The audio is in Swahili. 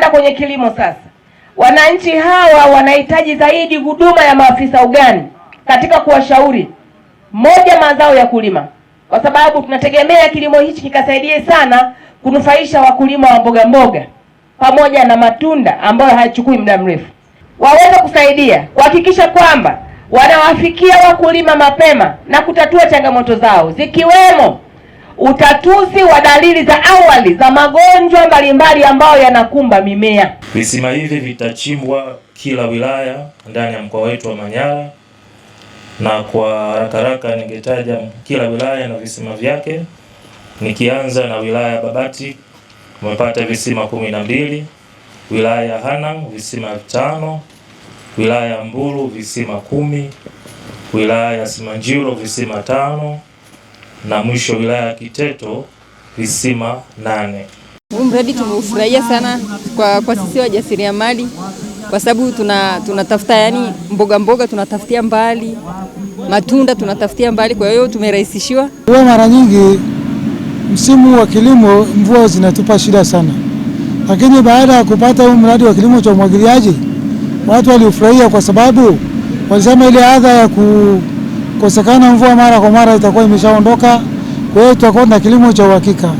tunakwenda kwenye kilimo sasa. Wananchi hawa wanahitaji zaidi huduma ya maafisa ugani katika kuwashauri, moja, mazao ya kulima, kwa sababu tunategemea kilimo hichi kikasaidie sana kunufaisha wakulima wa mboga mboga pamoja na matunda ambayo hayachukui muda mrefu. Waweze kusaidia kuhakikisha kwamba wanawafikia wakulima mapema na kutatua changamoto zao zikiwemo utatuzi wa dalili za awali za magonjwa mbalimbali ambayo yanakumba mimea. Visima hivi vitachimbwa kila wilaya ndani ya mkoa wetu wa Manyara, na kwa haraka haraka ningetaja kila wilaya na visima vyake, nikianza na wilaya ya Babati umepata visima kumi na mbili, wilaya ya Hanang visima tano wilaya ya Mbulu visima kumi, wilaya ya Simanjiro visima tano na mwisho wilaya ya Kiteto visima nane. Huu mradi tumeufurahia sana kwa, kwa sisi wajasiriamali kwa sababu tuna tunatafuta yani mboga mboga tunatafutia mbali, matunda tunatafutia mbali, kwa hiyo tumerahisishiwa. Huwa mara nyingi msimu wa kilimo mvua zinatupa shida sana, lakini baada ya kupata huu mradi wa kilimo cha umwagiliaji watu waliufurahia kwa sababu walisema ile adha ya ku kosekana mvua mara kwa mara itakuwa imeshaondoka. Kwa hiyo tutakuwa na kilimo cha uhakika.